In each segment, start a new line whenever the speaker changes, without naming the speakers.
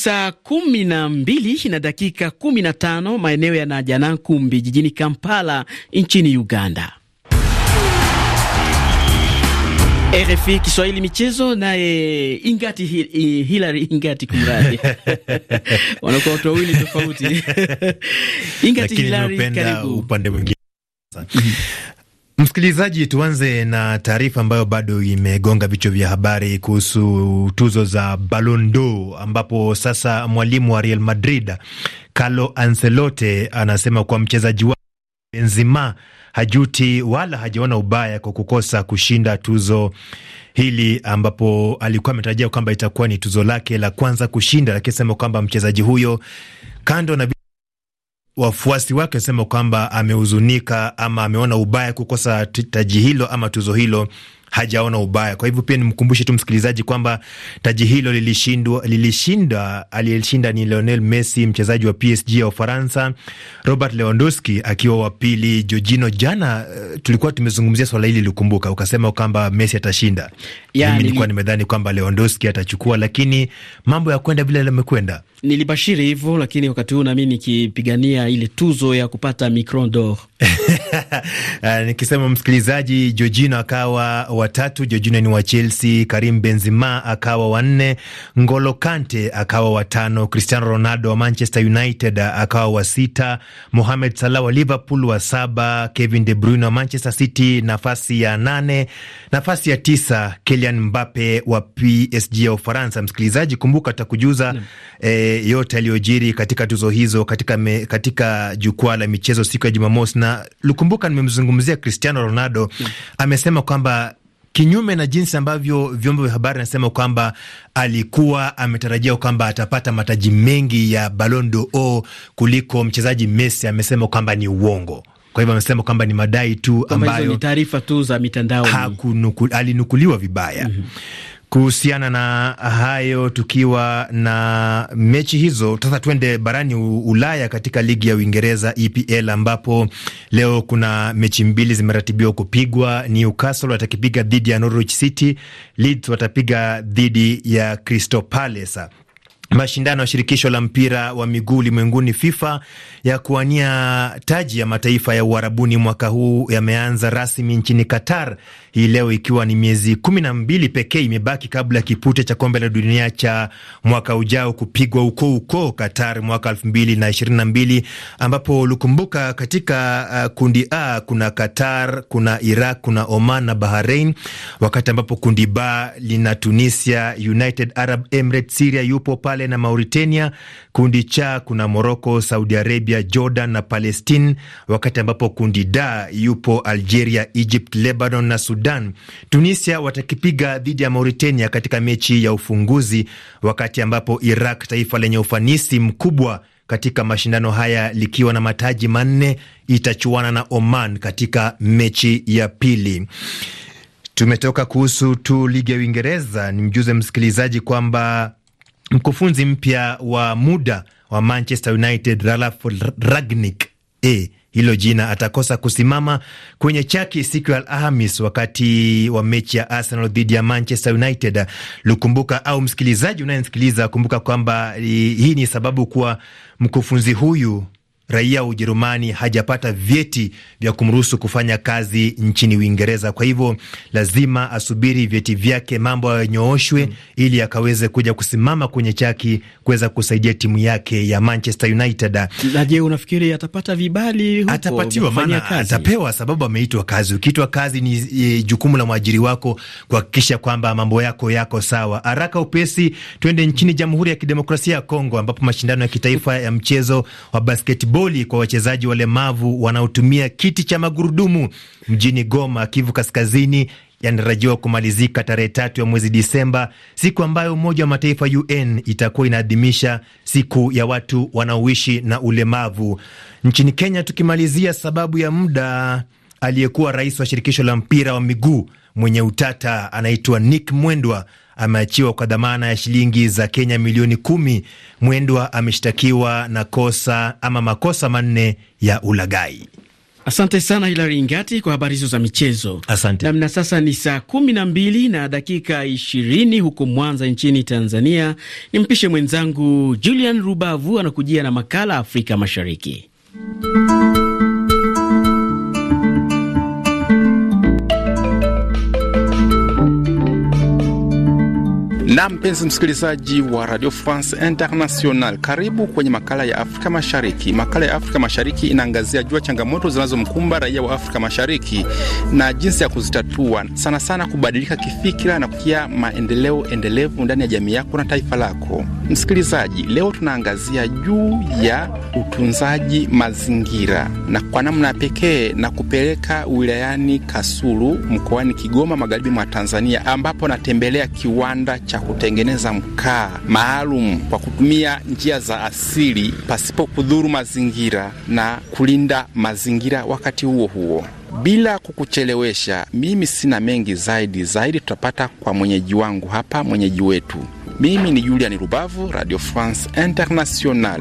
Saa kumi na mbili na dakika kumi na tano maeneo ya Najjanankumbi jijini Kampala nchini Uganda. RFI Kiswahili michezo, naye Ingati Hilary Ingati, kumradi wanakuwa watu wawili tofauti. Ingati Hilary, karibu upande mwingine mm-hmm. Msikilizaji, tuanze na taarifa ambayo bado imegonga vichwa vya habari kuhusu tuzo za Ballon d'Or, ambapo sasa mwalimu wa Real Madrid Carlo Ancelotti anasema kuwa mchezaji wa Benzema hajuti wala hajaona ubaya kwa kukosa kushinda tuzo hili, ambapo alikuwa ametarajia kwamba itakuwa ni tuzo lake la kwanza kushinda, lakini sema kwamba mchezaji huyo kando na wafuasi wake wanasema kwamba amehuzunika ama ameona ubaya kukosa taji hilo ama tuzo hilo, hajaona ubaya. Kwa hivyo pia nimkumbushe tu msikilizaji kwamba taji hilo lilishindwa, lilishinda, aliyeshinda ni Lionel Messi, mchezaji wa PSG ya Ufaransa, Robert Lewandowski akiwa wa pili. Jojino, jana eh, tulikuwa tumezungumzia swala hili, likumbuka, ukasema kwamba Messi atashinda. Mimi nilikuwa nimedhani kwamba Lewandowski atachukua, lakini mambo ya kwenda vile yamekwenda. Nilibashiri hivyo, lakini wakati huu nami nikipigania ile tuzo ya kupata micron d'or eh, nikisema msikilizaji, Jorginho akawa watatu. Jorginho ni wa Chelsea, Karim Benzema akawa wanne, Ngolo Kante akawa watano, Cristiano Ronaldo wa Manchester United akawa wa sita, Mohamed Salah wa Liverpool wa saba, Kevin De Bruyne wa Manchester City nafasi ya nane. Nafasi ya tisa Kylian Mbappe wa PSG ya Ufaransa. Msikilizaji, kumbuka takujuza mm. eh, yote yaliyojiri katika tuzo hizo katika, me, katika jukwaa la michezo siku ya Jumamosi, na lukumbuka, nimemzungumzia Cristiano Ronaldo hmm. amesema kwamba kinyume na jinsi ambavyo vyombo vya habari anasema kwamba alikuwa ametarajia kwamba atapata mataji mengi ya Ballon d'Or kuliko mchezaji Messi, amesema kwamba ni uongo. Kwa hivyo amesema kwamba ni madai tu ambayo ni taarifa tu za mitandao, alinukuliwa vibaya. mm -hmm. Kuhusiana na hayo, tukiwa na mechi hizo, sasa tuende barani Ulaya katika ligi ya Uingereza EPL, ambapo leo kuna mechi mbili zimeratibiwa kupigwa. Newcastle watakipiga dhidi ya Norwich City, Leeds watapiga dhidi ya Crystal Palace. Mashindano ya shirikisho la mpira wa miguu ulimwenguni FIFA ya kuwania taji ya mataifa ya uharabuni mwaka huu yameanza rasmi nchini Qatar hii leo, ikiwa ni miezi kumi na mbili pekee imebaki kabla ya kipute cha kombe la dunia cha mwaka ujao kupigwa huko huko Qatar mwaka elfu mbili na ishirini na mbili ambapo ulikumbuka katika uh, kundi A kuna Qatar, kuna Iraq, kuna Oman na Bahrain, wakati ambapo kundi B lina Tunisia, United Arab Emirates, yupo pale Somalia na Mauritania. Kundi cha kuna Moroko, Saudi Arabia, Jordan na Palestine, wakati ambapo kundi da yupo Algeria, Egypt, Lebanon na Sudan. Tunisia watakipiga dhidi ya Mauritania katika mechi ya ufunguzi, wakati ambapo Iraq, taifa lenye ufanisi mkubwa katika mashindano haya likiwa na mataji manne, itachuana na Oman katika mechi ya pili. Tumetoka kuhusu tu ligi ya Uingereza. Ni mjuze msikilizaji kwamba mkufunzi mpya wa muda wa Manchester United Ralf Ragnik e, eh, hilo jina atakosa kusimama kwenye chaki siku ya Alhamis wakati wa mechi ya Arsenal dhidi ya Manchester United. Lukumbuka au msikilizaji unayemsikiliza kumbuka kwamba eh, hii ni sababu kuwa mkufunzi huyu raia wa Ujerumani hajapata vyeti vya kumruhusu kufanya kazi nchini Uingereza. Kwa hivyo lazima asubiri vyeti vyake, mambo ayonyooshwe mm, ili akaweze kuja kusimama kwenye chaki kuweza kusaidia timu yake ya Manchester United. Na je, unafikiri atapata vibali huko? Atapatiwa, maana atapewa, sababu ameitwa kazi. Ukiitwa kazi ni e, jukumu la mwajiri wako kuhakikisha kwamba mambo yako yako sawa. Haraka upesi, twende nchini Jamhuri ya Kidemokrasia ya Kongo ambapo mashindano ya kitaifa ya mchezo wa basketball boli kwa wachezaji walemavu wanaotumia kiti cha magurudumu mjini Goma, Kivu Kaskazini yanatarajiwa kumalizika tarehe tatu ya mwezi Disemba, siku ambayo Umoja wa Mataifa UN itakuwa inaadhimisha siku ya watu wanaoishi na ulemavu. Nchini Kenya, tukimalizia sababu ya muda, aliyekuwa rais wa shirikisho la mpira wa miguu mwenye utata anaitwa Nick Mwendwa ameachiwa kwa dhamana ya shilingi za Kenya milioni kumi. Mwendwa ameshtakiwa na kosa ama makosa manne ya ulagai Asante sana Hilari Ngati kwa habari hizo za michezo. Asante namna. Sasa ni saa kumi na mbili na dakika ishirini huko Mwanza nchini Tanzania. Nimpishe mwenzangu Julian Rubavu anakujia na makala Afrika Mashariki.
Na mpenzi msikilizaji wa Radio France International, karibu kwenye makala ya Afrika Mashariki. Makala ya Afrika Mashariki inaangazia jua changamoto zinazomkumba raia wa Afrika Mashariki na jinsi ya kuzitatua, sana sana kubadilika kifikira na kufikia maendeleo endelevu ndani ya jamii yako na taifa lako. Msikilizaji, leo tunaangazia juu ya utunzaji mazingira na kwa namna pekee na kupeleka wilayani Kasulu mkoani Kigoma, magharibi mwa Tanzania, ambapo natembelea kiwanda cha kutengeneza mkaa maalum kwa kutumia njia za asili pasipo kudhuru mazingira na kulinda mazingira wakati huo huo. Bila kukuchelewesha, mimi sina mengi zaidi. Zaidi tutapata kwa mwenyeji wangu hapa, mwenyeji wetu. Mimi ni Julian Rubavu, Radio France International.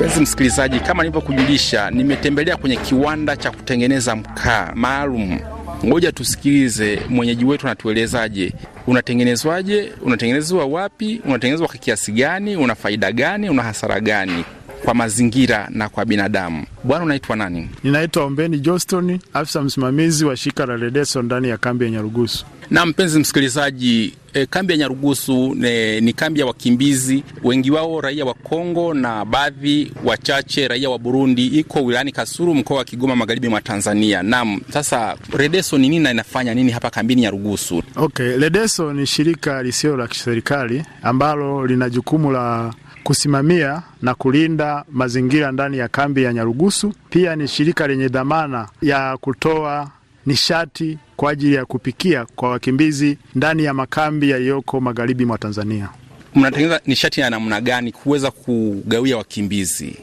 Mpenzi msikilizaji, kama nilivyokujulisha, nimetembelea kwenye kiwanda cha kutengeneza mkaa maalum. Ngoja tusikilize mwenyeji wetu anatuelezaje, unatengenezwaje, unatengenezwa wapi, unatengenezwa kwa kiasi gani, una faida gani, una hasara gani kwa mazingira na kwa binadamu. Bwana, unaitwa nani?
Ninaitwa Ombeni Johnston, afisa msimamizi wa shirika la Redeso ndani ya kambi ya Nyarugusu.
Na mpenzi msikilizaji, e, kambi ya Nyarugusu ne, ni kambi ya wakimbizi, wengi wao raia wa Kongo na baadhi wachache raia wa Burundi. Iko wilayani kasuru mkoa wa Kigoma, magharibi mwa Tanzania. Naam, sasa Redeso ni nini na inafanya nini hapa kambini Nyarugusu?
Okay, Redeso ni shirika lisio la kiserikali ambalo lina jukumu la kusimamia na kulinda mazingira ndani ya kambi ya Nyarugusu. Pia ni shirika lenye dhamana ya kutoa nishati kwa ajili ya kupikia kwa wakimbizi ndani ya makambi yaliyoko magharibi mwa Tanzania.
Mnatengeneza nishati ya namna gani kuweza kugawia wakimbizi?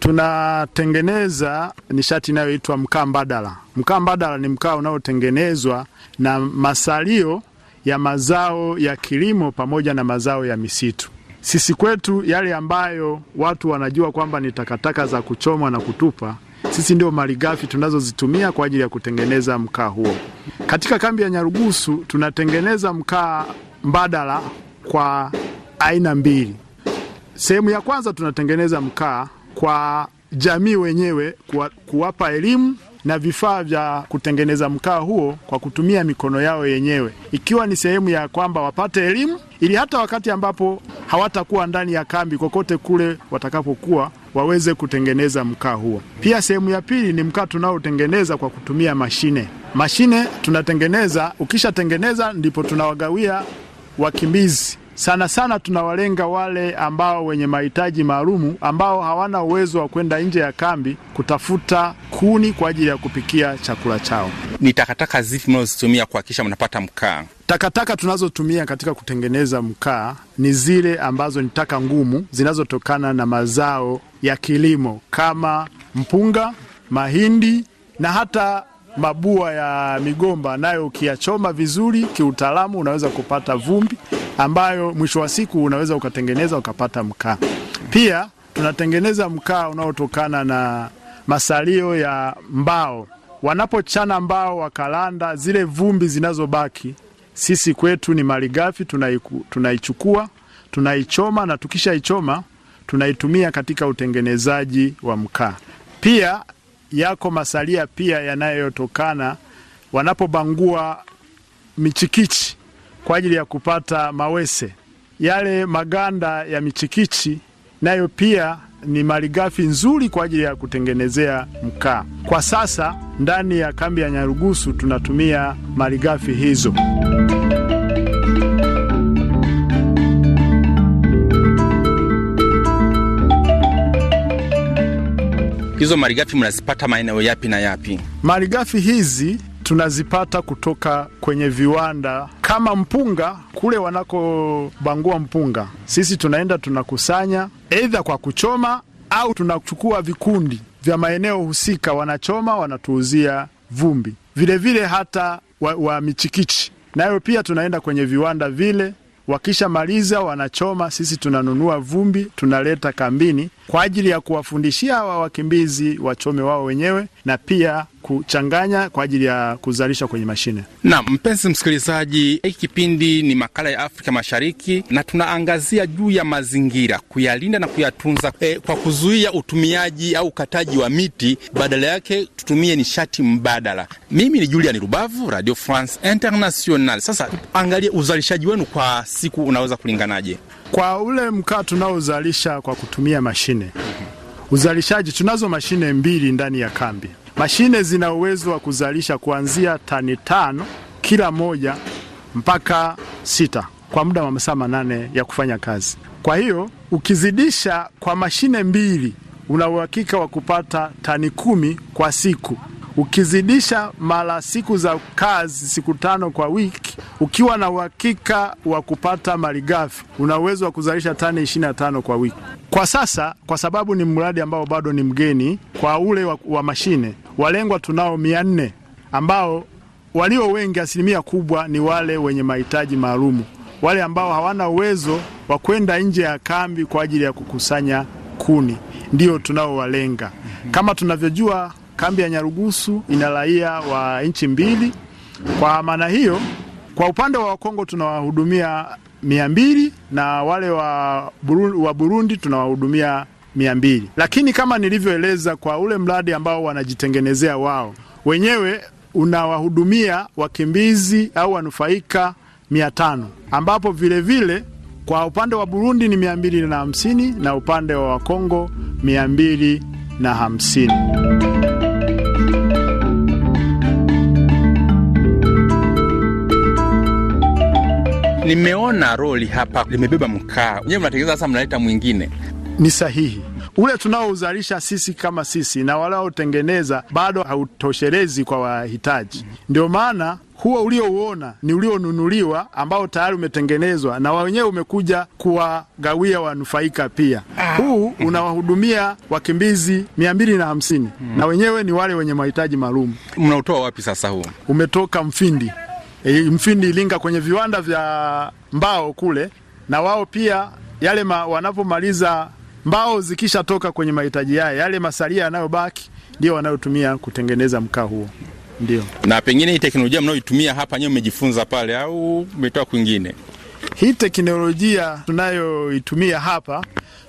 Tunatengeneza nishati inayoitwa mkaa mbadala. Mkaa mbadala ni mkaa unaotengenezwa na masalio ya mazao ya kilimo pamoja na mazao ya misitu. Sisi kwetu, yale ambayo watu wanajua kwamba ni takataka za kuchomwa na kutupa sisi ndio malighafi tunazozitumia kwa ajili ya kutengeneza mkaa huo. Katika kambi ya Nyarugusu tunatengeneza mkaa mbadala kwa aina mbili. Sehemu ya kwanza tunatengeneza mkaa kwa jamii wenyewe, kuwapa elimu na vifaa vya kutengeneza mkaa huo kwa kutumia mikono yao yenyewe, ikiwa ni sehemu ya kwamba wapate elimu ili hata wakati ambapo hawatakuwa ndani ya kambi, kokote kule watakapokuwa, waweze kutengeneza mkaa huo. Pia sehemu ya pili ni mkaa tunaotengeneza kwa kutumia mashine. Mashine tunatengeneza, ukishatengeneza ndipo tunawagawia wakimbizi. Sana sana tunawalenga wale ambao wenye mahitaji maalumu ambao hawana uwezo wa kwenda nje ya kambi kutafuta kuni kwa ajili ya kupikia chakula chao. Ni takataka zipi mnazozitumia kuhakikisha mnapata mkaa? Takataka tunazotumia katika kutengeneza mkaa ni zile ambazo ni taka ngumu zinazotokana na mazao ya kilimo kama mpunga, mahindi na hata mabua ya migomba, nayo ukiyachoma vizuri kiutaalamu, unaweza kupata vumbi ambayo mwisho wa siku unaweza ukatengeneza ukapata mkaa. Pia tunatengeneza mkaa unaotokana na masalio ya mbao. Wanapochana mbao wakalanda, zile vumbi zinazobaki sisi kwetu ni malighafi, tunaichukua tunaichoma, na tukishaichoma tunaitumia katika utengenezaji wa mkaa. Pia yako masalia pia yanayotokana wanapobangua michikichi kwa ajili ya kupata mawese. Yale maganda ya michikichi nayo pia ni malighafi nzuri kwa ajili ya kutengenezea mkaa. Kwa sasa ndani ya kambi ya Nyarugusu tunatumia malighafi hizo.
Hizo malighafi mnazipata maeneo yapi na yapi?
Malighafi hizi tunazipata kutoka kwenye viwanda kama mpunga kule wanakobangua mpunga, sisi tunaenda tunakusanya, aidha kwa kuchoma au tunachukua vikundi vya maeneo husika, wanachoma wanatuuzia vumbi. Vilevile vile hata wa, wa michikichi nayo pia tunaenda kwenye viwanda vile Wakishamaliza wanachoma, sisi tunanunua vumbi tunaleta kambini kwa ajili ya kuwafundishia hawa wakimbizi wachome wao wenyewe na pia kuchanganya kwa ajili ya kuzalisha kwenye mashine.
Na mpenzi msikilizaji, hiki kipindi ni makala ya Afrika Mashariki na tunaangazia juu ya mazingira, kuyalinda na kuyatunza e, kwa kuzuia utumiaji au ukataji wa miti, badala yake tutumie nishati mbadala. Mimi ni Julian Rubavu, Radio France International. Sasa angalie uzalishaji wenu kwa siku unaweza kulinganaje?
Kwa ule mkaa tunaozalisha kwa kutumia mashine mm -hmm. Uzalishaji, tunazo mashine mbili ndani ya kambi. Mashine zina uwezo wa kuzalisha kuanzia tani tano kila moja mpaka sita kwa muda wa masaa manane ya kufanya kazi. Kwa hiyo ukizidisha kwa mashine mbili una uhakika wa kupata tani kumi kwa siku Ukizidisha mara siku za kazi, siku tano kwa wiki, ukiwa na uhakika wa kupata malighafi, una uwezo wa kuzalisha tani 25 kwa wiki. Kwa sasa, kwa sababu ni mradi ambao bado ni mgeni kwa ule wa, wa mashine, walengwa tunao 400 ambao walio wengi, asilimia kubwa ni wale wenye mahitaji maalumu, wale ambao hawana uwezo wa kwenda nje ya kambi kwa ajili ya kukusanya kuni, ndio tunaowalenga. Kama tunavyojua Kambi ya Nyarugusu ina raia wa nchi mbili. Kwa maana hiyo, kwa upande wa Wakongo tunawahudumia mia mbili na wale wa Burundi, wa Burundi tunawahudumia mia mbili, lakini kama nilivyoeleza kwa ule mradi ambao wanajitengenezea wao wenyewe unawahudumia wakimbizi au wanufaika mia tano ambapo vilevile vile, kwa upande wa Burundi ni mia mbili na hamsini na upande wa Wakongo mia mbili na hamsini.
Nimeona roli hapa limebeba mkaa, nyewe mnatengeneza sasa, mnaleta mwingine.
Ni sahihi ule tunaouzalisha sisi kama sisi na walaotengeneza bado hautoshelezi kwa wahitaji, ndio maana huo uliouona ni ulionunuliwa ambao tayari umetengenezwa na wenyewe umekuja kuwagawia wanufaika pia. Ah, huu unawahudumia wakimbizi mia mbili na hamsini na wenyewe ni wale wenye mahitaji maalum. Mnautoa wapi sasa? huu umetoka Mfindi e, Mfindi Ilinga kwenye viwanda vya mbao kule, na wao pia yale wanapomaliza mbao zikishatoka kwenye mahitaji yao, yale masalia yanayobaki ndio wanayotumia kutengeneza mkaa huo. Ndio.
Na pengine hii teknolojia mnayoitumia hapa nyewe mmejifunza pale au umetoa kwingine?
Hii teknolojia tunayoitumia hapa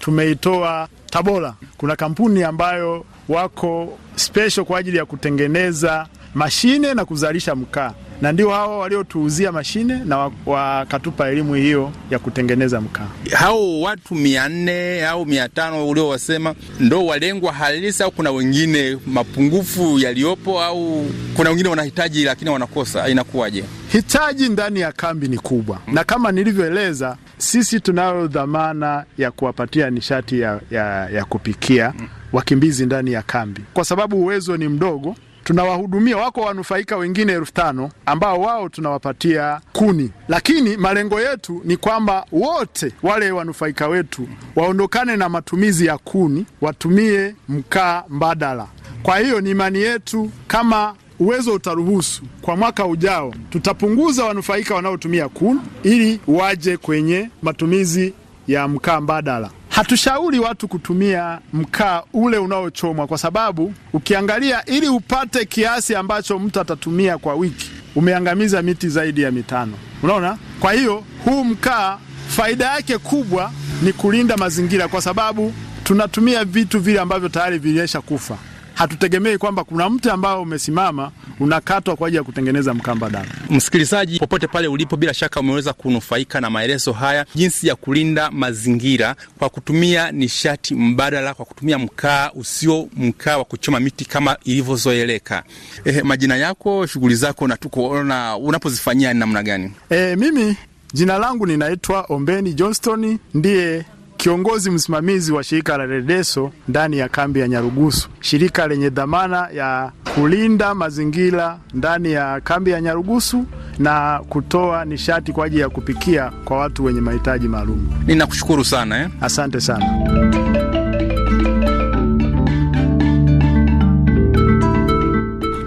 tumeitoa Tabora. Kuna kampuni ambayo wako special kwa ajili ya kutengeneza mashine na kuzalisha mkaa na ndio hao waliotuuzia mashine na wakatupa elimu hiyo ya kutengeneza mkaa. Hao watu mia
nne au mia tano uliowasema ndo walengwa halisi au kuna wengine mapungufu yaliyopo au kuna wengine wanahitaji lakini wanakosa? Inakuwaje?
Hitaji ndani ya kambi ni kubwa, na kama nilivyoeleza, sisi tunayo dhamana ya kuwapatia nishati ya, ya, ya kupikia wakimbizi ndani ya kambi, kwa sababu uwezo ni mdogo tunawahudumia, wako wanufaika wengine elfu tano ambao wao tunawapatia kuni, lakini malengo yetu ni kwamba wote wale wanufaika wetu waondokane na matumizi ya kuni, watumie mkaa mbadala. Kwa hiyo ni imani yetu kama uwezo utaruhusu, kwa mwaka ujao tutapunguza wanufaika wanaotumia kuni ili waje kwenye matumizi ya mkaa mbadala. Hatushauri watu kutumia mkaa ule unaochomwa kwa sababu ukiangalia, ili upate kiasi ambacho mtu atatumia kwa wiki, umeangamiza miti zaidi ya mitano. Unaona, kwa hiyo huu mkaa faida yake kubwa ni kulinda mazingira, kwa sababu tunatumia vitu vile ambavyo tayari viliesha kufa hatutegemei kwamba kuna mti ambao umesimama unakatwa kwa ajili ya kutengeneza mkamba damu.
Msikilizaji popote pale ulipo, bila shaka umeweza kunufaika na maelezo haya, jinsi ya kulinda mazingira kwa kutumia nishati mbadala, kwa kutumia mkaa usio mkaa wa kuchoma miti kama ilivyozoeleka. Eh, majina yako, shughuli zako na tukuona unapozifanyia namna gani?
Eh, mimi jina langu ninaitwa Ombeni Johnston, ndiye kiongozi msimamizi wa shirika la Redeso ndani ya kambi ya Nyarugusu, shirika lenye dhamana ya kulinda mazingira ndani ya kambi ya Nyarugusu na kutoa nishati kwa ajili ya kupikia kwa watu wenye mahitaji maalum.
Ninakushukuru sana eh? Asante
sana.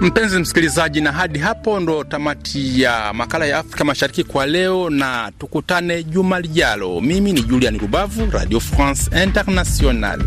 Mpenzi msikilizaji, na hadi hapo ndo tamati ya makala ya Afrika Mashariki kwa leo, na tukutane juma lijalo. Mimi ni Julian Rubavu, Radio France Internationale.